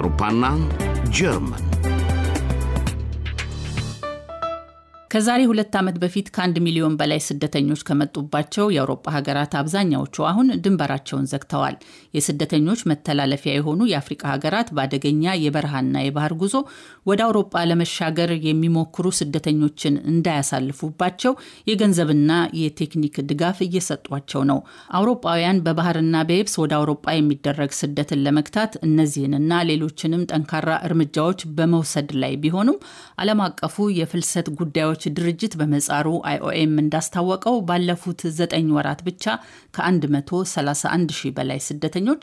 Rupanang, Jerman. ከዛሬ ሁለት ዓመት በፊት ከአንድ ሚሊዮን በላይ ስደተኞች ከመጡባቸው የአውሮፓ ሀገራት አብዛኛዎቹ አሁን ድንበራቸውን ዘግተዋል። የስደተኞች መተላለፊያ የሆኑ የአፍሪቃ ሀገራት በአደገኛ የበረሃና የባህር ጉዞ ወደ አውሮፓ ለመሻገር የሚሞክሩ ስደተኞችን እንዳያሳልፉባቸው የገንዘብና የቴክኒክ ድጋፍ እየሰጧቸው ነው። አውሮፓውያን በባህርና በየብስ ወደ አውሮፓ የሚደረግ ስደትን ለመግታት እነዚህንና ሌሎችንም ጠንካራ እርምጃዎች በመውሰድ ላይ ቢሆኑም ዓለም አቀፉ የፍልሰት ጉዳዮች ድርጅት በመጻሩ አይኦኤም እንዳስታወቀው ባለፉት ዘጠኝ ወራት ብቻ ከ131 ሺህ በላይ ስደተኞች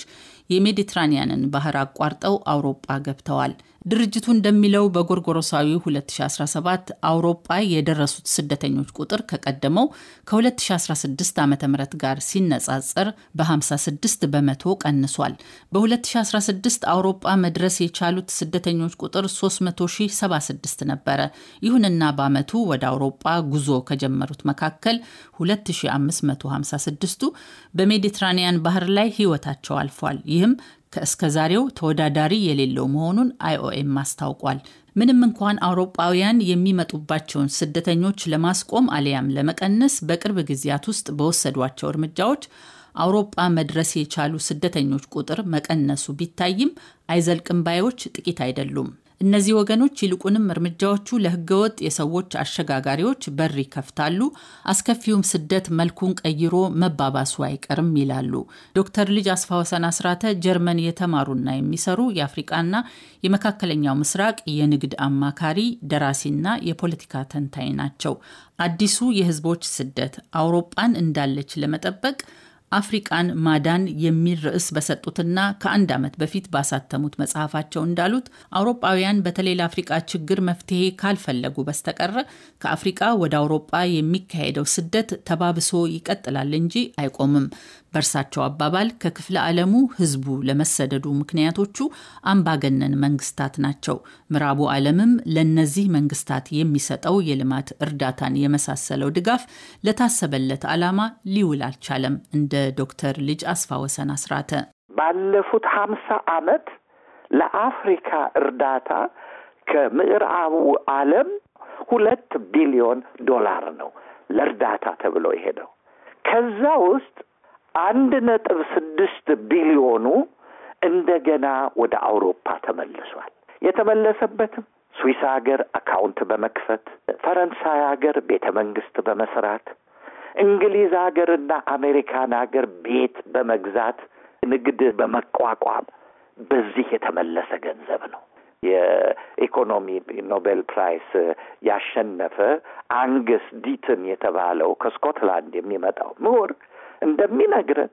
የሜዲትራኒያንን ባህር አቋርጠው አውሮጳ ገብተዋል። ድርጅቱ እንደሚለው በጎርጎሮሳዊ 2017 አውሮጳ የደረሱት ስደተኞች ቁጥር ከቀደመው ከ2016 ዓ ም ጋር ሲነጻጸር በ56 በመቶ ቀንሷል። በ2016 አውሮጳ መድረስ የቻሉት ስደተኞች ቁጥር 3076 ነበረ። ይሁንና በአመቱ ወደ አውሮጳ ጉዞ ከጀመሩት መካከል 2556ቱ በሜዲትራኒያን ባህር ላይ ህይወታቸው አልፏል። ይህም ከእስከ ዛሬው ተወዳዳሪ የሌለው መሆኑን አይኦኤም አስታውቋል። ምንም እንኳን አውሮጳውያን የሚመጡባቸውን ስደተኞች ለማስቆም አሊያም ለመቀነስ በቅርብ ጊዜያት ውስጥ በወሰዷቸው እርምጃዎች አውሮጳ መድረስ የቻሉ ስደተኞች ቁጥር መቀነሱ ቢታይም አይዘልቅም ባዮች ጥቂት አይደሉም። እነዚህ ወገኖች ይልቁንም እርምጃዎቹ ለህገወጥ የሰዎች አሸጋጋሪዎች በር ይከፍታሉ፣ አስከፊውም ስደት መልኩን ቀይሮ መባባሱ አይቀርም ይላሉ ዶክተር ልጅ አስፋ ወሰን አስራተ ጀርመን የተማሩና የሚሰሩ የአፍሪቃና የመካከለኛው ምስራቅ የንግድ አማካሪ ደራሲና የፖለቲካ ተንታኝ ናቸው። አዲሱ የህዝቦች ስደት አውሮጳን እንዳለች ለመጠበቅ አፍሪቃን ማዳን የሚል ርዕስ በሰጡትና ከአንድ ዓመት በፊት ባሳተሙት መጽሐፋቸው እንዳሉት አውሮጳውያን በተለይ ለአፍሪቃ ችግር መፍትሄ ካልፈለጉ በስተቀር ከአፍሪቃ ወደ አውሮጳ የሚካሄደው ስደት ተባብሶ ይቀጥላል እንጂ አይቆምም። በእርሳቸው አባባል ከክፍለ ዓለሙ ህዝቡ ለመሰደዱ ምክንያቶቹ አምባገነን መንግስታት ናቸው። ምዕራቡ ዓለምም ለእነዚህ መንግስታት የሚሰጠው የልማት እርዳታን የመሳሰለው ድጋፍ ለታሰበለት ዓላማ ሊውል አልቻለም። እንደ ዶክተር ልጅ አስፋ ወሰን አስራተ ባለፉት ሀምሳ ዓመት ለአፍሪካ እርዳታ ከምዕራቡ ዓለም ሁለት ቢሊዮን ዶላር ነው ለእርዳታ ተብሎ የሄደው ከዛ ውስጥ አንድ ነጥብ ስድስት ቢሊዮኑ እንደገና ወደ አውሮፓ ተመልሷል። የተመለሰበትም ስዊስ ሀገር አካውንት በመክፈት ፈረንሳይ ሀገር ቤተ መንግስት በመስራት እንግሊዝ ሀገርና አሜሪካን ሀገር ቤት በመግዛት ንግድ በመቋቋም በዚህ የተመለሰ ገንዘብ ነው። የኢኮኖሚ ኖቤል ፕራይስ ያሸነፈ አንገስ ዲትን የተባለው ከስኮትላንድ የሚመጣው ምሁር እንደሚነግረን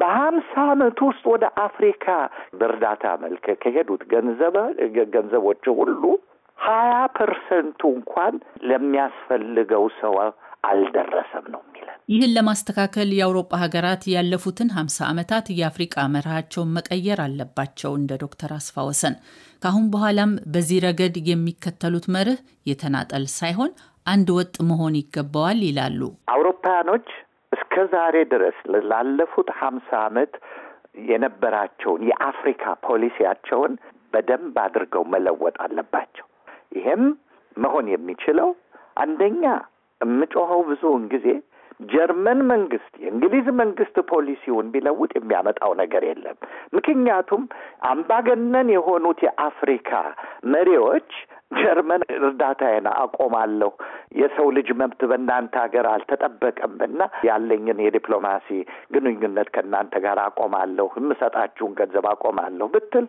በሀምሳ ዓመት ውስጥ ወደ አፍሪካ በእርዳታ መልክ ከሄዱት ገንዘቦች ሁሉ ሀያ ፐርሰንቱ እንኳን ለሚያስፈልገው ሰው አልደረሰም ነው የሚለን። ይህን ለማስተካከል የአውሮፓ ሀገራት ያለፉትን ሀምሳ ዓመታት የአፍሪቃ መርሃቸውን መቀየር አለባቸው። እንደ ዶክተር አስፋ ወሰን ከአሁን በኋላም በዚህ ረገድ የሚከተሉት መርህ የተናጠል ሳይሆን አንድ ወጥ መሆን ይገባዋል ይላሉ። አውሮፓውያኖች እስከ ዛሬ ድረስ ላለፉት ሀምሳ ዓመት የነበራቸውን የአፍሪካ ፖሊሲያቸውን በደንብ አድርገው መለወጥ አለባቸው። ይሄም መሆን የሚችለው አንደኛ የምጮኸው ብዙውን ጊዜ ጀርመን መንግስት፣ የእንግሊዝ መንግስት ፖሊሲውን ቢለውጥ የሚያመጣው ነገር የለም። ምክንያቱም አምባገነን የሆኑት የአፍሪካ መሪዎች ጀርመን እርዳታዬን አቆማለሁ፣ የሰው ልጅ መብት በእናንተ ሀገር አልተጠበቀም እና ያለኝን የዲፕሎማሲ ግንኙነት ከእናንተ ጋር አቆማለሁ፣ የምሰጣችሁን ገንዘብ አቆማለሁ ብትል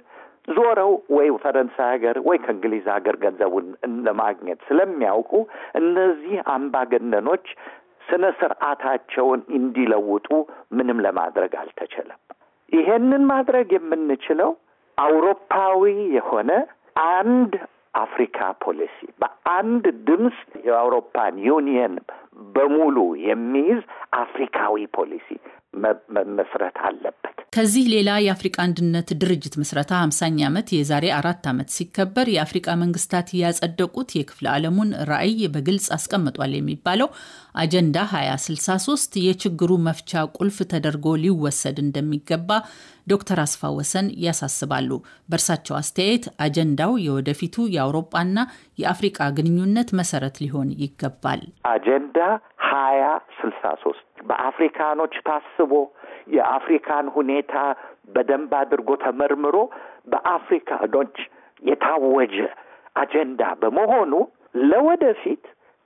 ዞረው ወይ ፈረንሳይ ሀገር ወይ ከእንግሊዝ ሀገር ገንዘቡን ለማግኘት ስለሚያውቁ እነዚህ አምባገነኖች ስነ ስርዓታቸውን እንዲለውጡ ምንም ለማድረግ አልተቻለም። ይሄንን ማድረግ የምንችለው አውሮፓዊ የሆነ አንድ አፍሪካ ፖሊሲ በአንድ ድምፅ የአውሮፓን ዩኒየን በሙሉ የሚይዝ አፍሪካዊ ፖሊሲ መመስረት አለበት። ከዚህ ሌላ የአፍሪቃ አንድነት ድርጅት ምስረታ 50ኛ ዓመት የዛሬ አራት ዓመት ሲከበር የአፍሪቃ መንግስታት ያጸደቁት የክፍለ ዓለሙን ራዕይ በግልጽ አስቀምጧል የሚባለው አጀንዳ 2063 የችግሩ መፍቻ ቁልፍ ተደርጎ ሊወሰድ እንደሚገባ ዶክተር አስፋ ወሰን ያሳስባሉ። በእርሳቸው አስተያየት አጀንዳው የወደፊቱ የአውሮጳና የአፍሪቃ ግንኙነት መሰረት ሊሆን ይገባል። አጀንዳ ሀያ በአፍሪካኖች ታስቦ የአፍሪካን ሁኔታ በደንብ አድርጎ ተመርምሮ በአፍሪካኖች የታወጀ አጀንዳ በመሆኑ ለወደፊት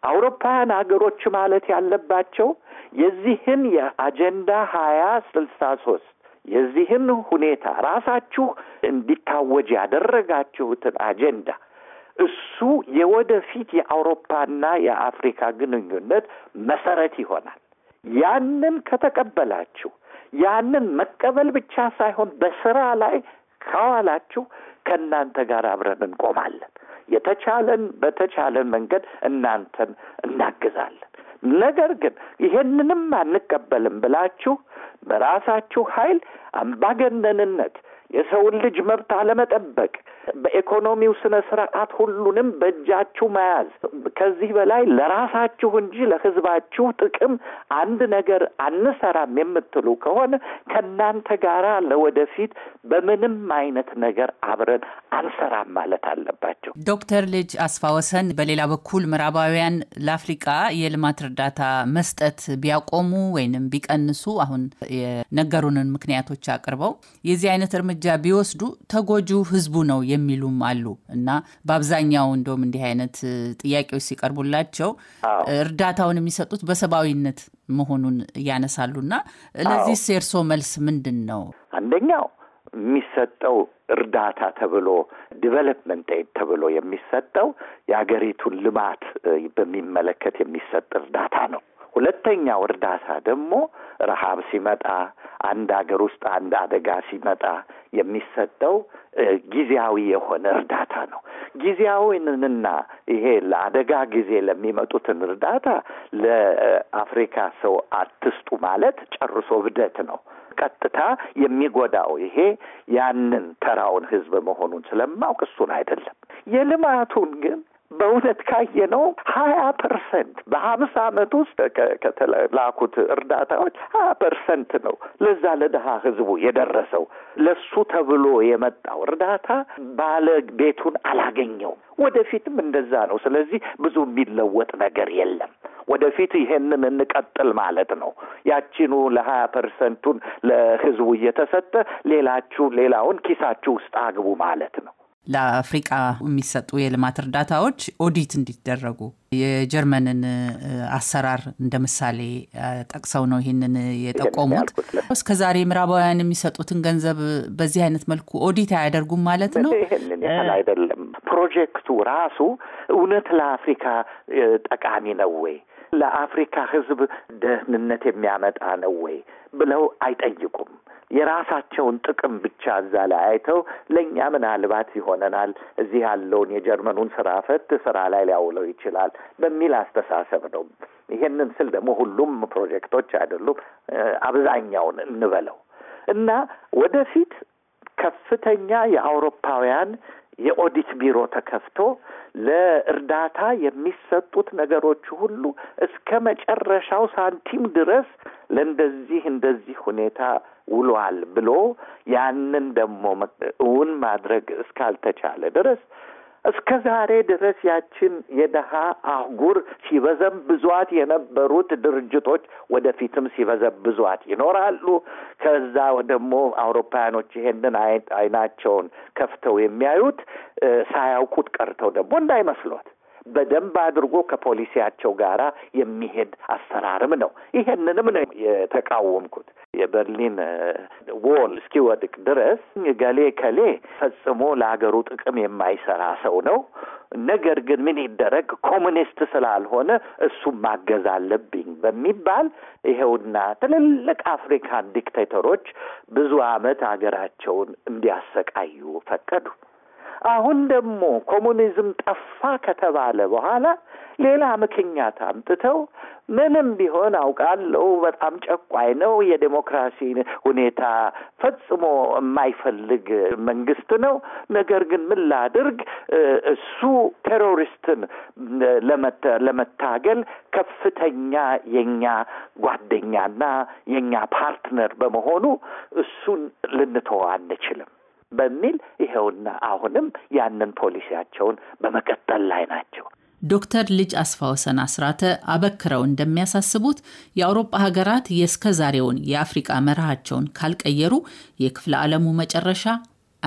አውሮፓውያን ሀገሮች ማለት ያለባቸው የዚህን የአጀንዳ ሀያ ስልሳ ሶስት የዚህን ሁኔታ ራሳችሁ እንዲታወጅ ያደረጋችሁትን አጀንዳ እሱ የወደፊት የአውሮፓና የአፍሪካ ግንኙነት መሰረት ይሆናል። ያንን ከተቀበላችሁ ያንን መቀበል ብቻ ሳይሆን በስራ ላይ ከዋላችሁ ከእናንተ ጋር አብረን እንቆማለን። የተቻለን በተቻለን መንገድ እናንተን እናግዛለን። ነገር ግን ይሄንንም አንቀበልም ብላችሁ በራሳችሁ ኃይል አምባገነንነት፣ የሰውን ልጅ መብት አለመጠበቅ በኢኮኖሚው ስነ ስርዓት ሁሉንም በእጃችሁ መያዝ ከዚህ በላይ ለራሳችሁ እንጂ ለህዝባችሁ ጥቅም አንድ ነገር አንሰራም የምትሉ ከሆነ ከእናንተ ጋር ለወደፊት በምንም አይነት ነገር አብረን አንሰራም ማለት አለባቸው። ዶክተር ልጅ አስፋወሰን በሌላ በኩል ምዕራባውያን ለአፍሪቃ የልማት እርዳታ መስጠት ቢያቆሙ ወይንም ቢቀንሱ አሁን የነገሩንን ምክንያቶች አቅርበው የዚህ አይነት እርምጃ ቢወስዱ ተጎጂው ህዝቡ ነው የሚሉም አሉ እና በአብዛኛው እንደውም እንዲህ አይነት ጥያቄዎች ሲቀርቡላቸው እርዳታውን የሚሰጡት በሰብአዊነት መሆኑን ያነሳሉና ለዚህ የእርስዎ መልስ ምንድን ነው? አንደኛው የሚሰጠው እርዳታ ተብሎ ዲቨሎፕመንት ኤድ ተብሎ የሚሰጠው የሀገሪቱን ልማት በሚመለከት የሚሰጥ እርዳታ ነው። ሁለተኛው እርዳታ ደግሞ ረሃብ ሲመጣ፣ አንድ ሀገር ውስጥ አንድ አደጋ ሲመጣ የሚሰጠው ጊዜያዊ የሆነ እርዳታ ነው። ጊዜያዊንና ይሄ ለአደጋ ጊዜ ለሚመጡትን እርዳታ ለአፍሪካ ሰው አትስጡ ማለት ጨርሶ ብደት ነው። ቀጥታ የሚጎዳው ይሄ ያንን ተራውን ህዝብ መሆኑን ስለማውቅ እሱን አይደለም። የልማቱን ግን በእውነት ካየ ነው ሀያ ፐርሰንት በሀምሳ አመት ውስጥ ከተላኩት እርዳታዎች ሀያ ፐርሰንት ነው ለዛ ለድሀ ህዝቡ የደረሰው። ለሱ ተብሎ የመጣው እርዳታ ባለ ቤቱን አላገኘውም። ወደፊትም እንደዛ ነው። ስለዚህ ብዙ የሚለወጥ ነገር የለም። ወደፊት ይሄንን እንቀጥል ማለት ነው። ያቺኑ ለሀያ ፐርሰንቱን ለህዝቡ እየተሰጠ ሌላችሁ ሌላውን ኪሳችሁ ውስጥ አግቡ ማለት ነው። ለአፍሪቃ የሚሰጡ የልማት እርዳታዎች ኦዲት እንዲደረጉ የጀርመንን አሰራር እንደ ምሳሌ ጠቅሰው ነው ይህንን የጠቆሙት። እስከ ዛሬ ምዕራባውያን የሚሰጡትን ገንዘብ በዚህ አይነት መልኩ ኦዲት አያደርጉም ማለት ነው? ይህንን ያህል አይደለም። ፕሮጀክቱ ራሱ እውነት ለአፍሪካ ጠቃሚ ነው ወይ ለአፍሪካ ህዝብ ደህንነት የሚያመጣ ነው ወይ ብለው አይጠይቁም። የራሳቸውን ጥቅም ብቻ እዛ ላይ አይተው ለእኛ ምናልባት ይሆነናል እዚህ ያለውን የጀርመኑን ስራ ፈት ስራ ላይ ሊያውለው ይችላል በሚል አስተሳሰብ ነው። ይሄንን ስል ደግሞ ሁሉም ፕሮጀክቶች አይደሉም፣ አብዛኛውን እንበለው እና ወደፊት ከፍተኛ የአውሮፓውያን የኦዲት ቢሮ ተከፍቶ ለእርዳታ የሚሰጡት ነገሮች ሁሉ እስከ መጨረሻው ሳንቲም ድረስ ለእንደዚህ እንደዚህ ሁኔታ ውሏል ብሎ ያንን ደግሞ እውን ማድረግ እስካልተቻለ ድረስ እስከ ዛሬ ድረስ ያችን የደሃ አህጉር ሲበዘብዟት የነበሩት ድርጅቶች ወደፊትም ሲበዘብዟት ይኖራሉ። ከዛ ደግሞ አውሮፓውያኖች ይሄንን አይናቸውን ከፍተው የሚያዩት ሳያውቁት ቀርተው ደግሞ እንዳይመስሏት በደንብ አድርጎ ከፖሊሲያቸው ጋራ የሚሄድ አሰራርም ነው። ይሄንንም ነው የተቃወምኩት። የበርሊን ዎል እስኪወድቅ ድረስ ገሌ ከሌ ፈጽሞ ለሀገሩ ጥቅም የማይሰራ ሰው ነው። ነገር ግን ምን ይደረግ ኮሙኒስት ስላልሆነ እሱ ማገዝ አለብኝ በሚባል ይኸውና ትልልቅ አፍሪካን ዲክቴተሮች ብዙ ዓመት ሀገራቸውን እንዲያሰቃዩ ፈቀዱ። አሁን ደግሞ ኮሙኒዝም ጠፋ ከተባለ በኋላ ሌላ ምክንያት አምጥተው ምንም ቢሆን አውቃለሁ በጣም ጨቋይ ነው፣ የዴሞክራሲ ሁኔታ ፈጽሞ የማይፈልግ መንግስት ነው። ነገር ግን ምን ላድርግ፣ እሱ ቴሮሪስትን ለመታገል ከፍተኛ የኛ ጓደኛና የኛ ፓርትነር በመሆኑ እሱን ልንተወው አንችልም። በሚል ይኸውና አሁንም ያንን ፖሊሲያቸውን በመቀጠል ላይ ናቸው። ዶክተር ልጅ አስፋወሰን አስራተ አበክረው እንደሚያሳስቡት የአውሮፓ ሀገራት የእስከ ዛሬውን የአፍሪቃ መርሃቸውን ካልቀየሩ የክፍለ ዓለሙ መጨረሻ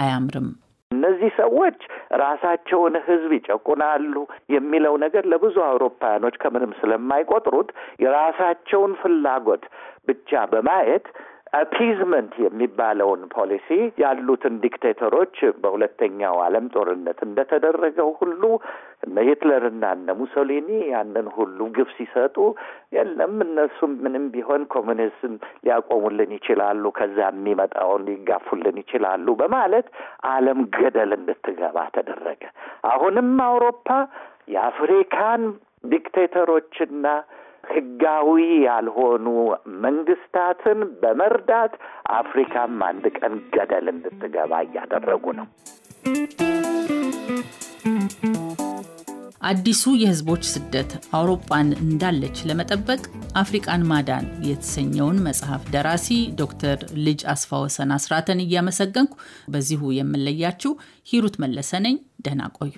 አያምርም። እነዚህ ሰዎች ራሳቸውን ሕዝብ ይጨቁናሉ የሚለው ነገር ለብዙ አውሮፓውያኖች ከምንም ስለማይቆጥሩት የራሳቸውን ፍላጎት ብቻ በማየት አፒዝመንት የሚባለውን ፖሊሲ ያሉትን ዲክቴተሮች በሁለተኛው ዓለም ጦርነት እንደተደረገው ሁሉ እነ ሂትለርና እነ ሙሶሊኒ ያንን ሁሉ ግብ ሲሰጡ የለም እነሱም ምንም ቢሆን ኮሚኒዝም ሊያቆሙልን ይችላሉ፣ ከዛ የሚመጣውን ሊጋፉልን ይችላሉ በማለት ዓለም ገደል እንድትገባ ተደረገ። አሁንም አውሮፓ የአፍሪካን ዲክቴተሮችና ህጋዊ ያልሆኑ መንግስታትን በመርዳት አፍሪካም አንድ ቀን ገደል እንድትገባ እያደረጉ ነው። አዲሱ የህዝቦች ስደት አውሮፓን እንዳለች ለመጠበቅ አፍሪቃን ማዳን የተሰኘውን መጽሐፍ ደራሲ ዶክተር ልጅ አስፋወሰን አስራተን እያመሰገንኩ በዚሁ የምለያችሁ ሂሩት መለሰ ነኝ። ደህና ቆዩ።